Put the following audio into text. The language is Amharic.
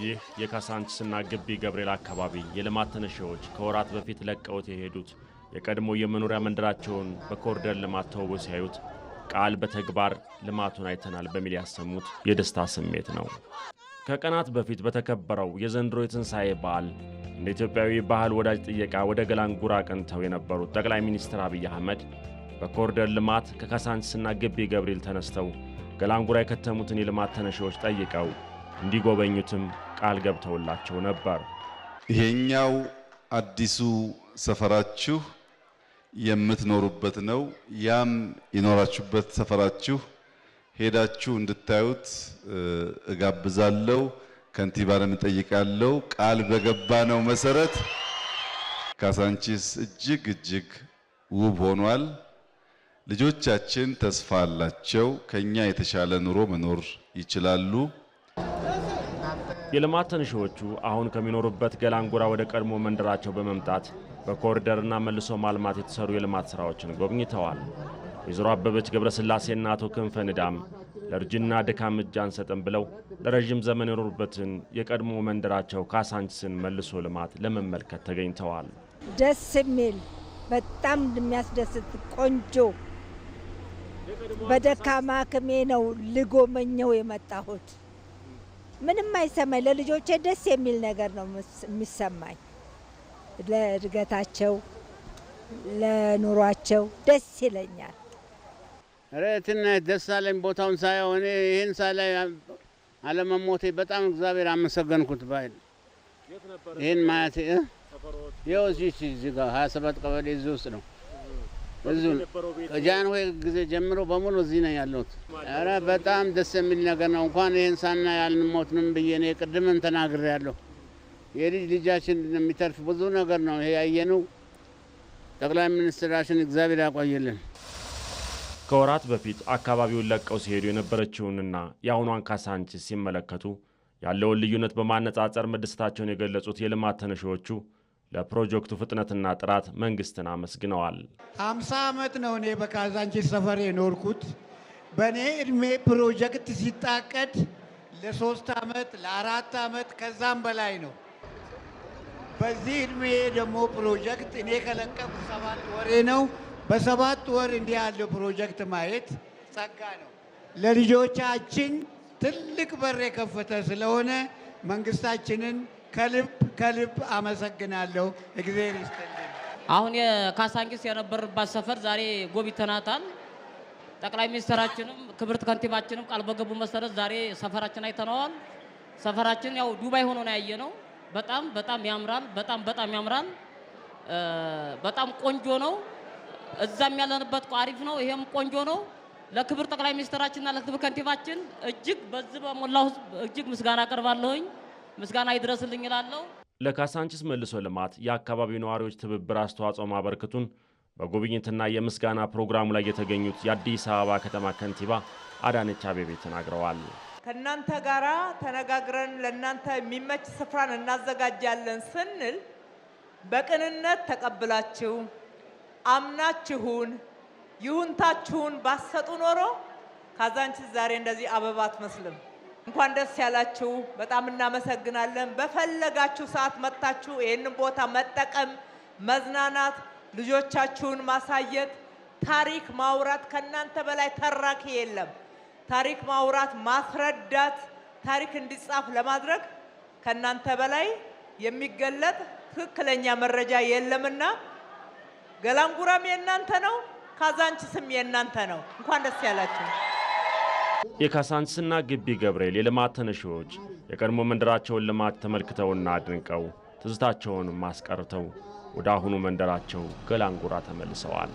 ይህ የካሳንችስና ግቢ ገብርኤል አካባቢ የልማት ተነሺዎች ከወራት በፊት ለቀውት የሄዱት የቀድሞ የመኖሪያ መንደራቸውን በኮሪደር ልማት ተውቦ ሲያዩት ቃል በተግባር ልማቱን አይተናል በሚል ያሰሙት የደስታ ስሜት ነው። ከቀናት በፊት በተከበረው የዘንድሮ የትንሣኤ በዓል እንደ ኢትዮጵያዊ ባህል ወዳጅ ጥየቃ ወደ ገላንጉራ አቅንተው የነበሩት ጠቅላይ ሚኒስትር አብይ አህመድ በኮሪደር ልማት ከካሳንችስና ግቢ ገብርኤል ተነስተው ገላንጉራ የከተሙትን የልማት ተነሺዎች ጠይቀው እንዲጎበኙትም ቃል ገብተውላቸው ነበር። ይሄኛው አዲሱ ሰፈራችሁ የምትኖሩበት ነው። ያም የኖራችሁበት ሰፈራችሁ ሄዳችሁ እንድታዩት እጋብዛለሁ። ከንቲባንም እጠይቃለሁ። ቃል በገባ ነው መሰረት ካሳንቺስ እጅግ እጅግ ውብ ሆኗል። ልጆቻችን ተስፋ አላቸው። ከኛ የተሻለ ኑሮ መኖር ይችላሉ። የልማት ተነሺዎቹ አሁን ከሚኖሩበት ገላንጉራ ወደ ቀድሞ መንደራቸው በመምጣት በኮሪደርና መልሶ ማልማት የተሰሩ የልማት ሥራዎችን ጎብኝተዋል። ወይዘሮ አበበች ገብረስላሴና አቶ ክንፈ ንዳም ለእርጅና ድካም እጅ አንሰጥም ብለው ለረዥም ዘመን የኖሩበትን የቀድሞ መንደራቸው ካሳንችስን መልሶ ልማት ለመመልከት ተገኝተዋል። ደስ የሚል በጣም የሚያስደስት ቆንጆ በደካማ አቅሜ ነው ልጎመኘው የመጣሁት። ምንም አይሰማኝ። ለልጆቼ ደስ የሚል ነገር ነው የሚሰማኝ። ለእድገታቸው፣ ለኑሯቸው ደስ ይለኛል። ኧረ ደስ አለኝ ቦታውን ሳየው። እኔ ይህን ሳላይ አለመሞቴ በጣም እግዚአብሔር አመሰገንኩት ባይል ይህን ማየቴ ይኸው እዚህ እዚህ ጋር ሀያ ሰባት ቀበሌ እዚህ ውስጥ ነው። እዚሁ ከጃንሆይ ጊዜ ጀምሮ በሙሉ እዚህ ነው ያለሁት። ኧረ በጣም ደስ የሚል ነገር ነው። እንኳን ይህን ሳና ያልንሞትንም ብዬ እኔ ቅድምን ተናግሬ ያለሁ የልጅ ልጃችን የሚተርፍ ብዙ ነገር ነው ይሄ ያየነው። ጠቅላይ ሚኒስትራችን እግዚአብሔር ያቆይልን። ከወራት በፊት አካባቢውን ለቀው ሲሄዱ የነበረችውንና የአሁኗን ካሳንቺስ ሲመለከቱ ያለውን ልዩነት በማነጻጸር መደሰታቸውን የገለጹት የልማት ተነሺዎቹ ለፕሮጀክቱ ፍጥነትና ጥራት መንግስትን አመስግነዋል። አምሳ ዓመት ነው እኔ በካዛንቺስ ሰፈር የኖርኩት። በእኔ እድሜ ፕሮጀክት ሲታቀድ ለሶስት ዓመት ለአራት ዓመት ከዛም በላይ ነው። በዚህ እድሜ ደግሞ ፕሮጀክት እኔ ከለቀቁ ሰባት ወሬ ነው። በሰባት ወር እንዲህ ያለው ፕሮጀክት ማየት ጸጋ ነው። ለልጆቻችን ትልቅ በር የከፈተ ስለሆነ መንግስታችንን ከልብ ከልብ አመሰግናለሁ። እግዜር ይስጥልኝ። አሁን የካሳንጊስ የነበርባት ሰፈር ዛሬ ጎብኝተናታል። ጠቅላይ ሚኒስትራችንም ክብርት ከንቲባችንም ቃል በገቡ መሰረት ዛሬ ሰፈራችን አይተነዋል። ሰፈራችን ያው ዱባይ ሆኖ ነው ያየ ነው። በጣም በጣም ያምራል። በጣም በጣም ያምራል። በጣም ቆንጆ ነው። እዛም ያለንበት አሪፍ ነው። ይሄም ቆንጆ ነው። ለክብር ጠቅላይ ሚኒስትራችንና ለክብር ከንቲባችን እጅግ በዚህ በሞላው ህዝብ እጅግ ምስጋና አቀርባለሁኝ። ምስጋና ይድረስልኝ እላለሁ። ለካሳንችስ መልሶ ልማት የአካባቢው ነዋሪዎች ትብብር አስተዋጽኦ ማበርከቱን በጉብኝትና የምስጋና ፕሮግራሙ ላይ የተገኙት የአዲስ አበባ ከተማ ከንቲባ አዳነች አቤቤ ተናግረዋል። ከእናንተ ጋር ተነጋግረን ለእናንተ የሚመች ስፍራን እናዘጋጃለን ስንል በቅንነት ተቀብላችሁ አምናችሁን ይሁንታችሁን ባሰጡ ኖሮ ካዛንችስ ዛሬ እንደዚህ አበባ አትመስልም። እንኳን ደስ ያላችሁ። በጣም እናመሰግናለን። በፈለጋችሁ ሰዓት መጥታችሁ ይህንን ቦታ መጠቀም፣ መዝናናት፣ ልጆቻችሁን ማሳየት፣ ታሪክ ማውራት። ከእናንተ በላይ ተራኪ የለም። ታሪክ ማውራት፣ ማስረዳት፣ ታሪክ እንዲጻፍ ለማድረግ ከእናንተ በላይ የሚገለጥ ትክክለኛ መረጃ የለምና ገላንጉራም የእናንተ ነው፣ ካዛንችስም የእናንተ ነው። እንኳን ደስ ያላችሁ። የካሳንስና ግቢ ገብርኤል የልማት ተነሺዎች የቀድሞ መንደራቸውን ልማት ተመልክተውና አድንቀው ትዝታቸውን ማስቀርተው ወደ አሁኑ መንደራቸው ገላንጉራ ተመልሰዋል።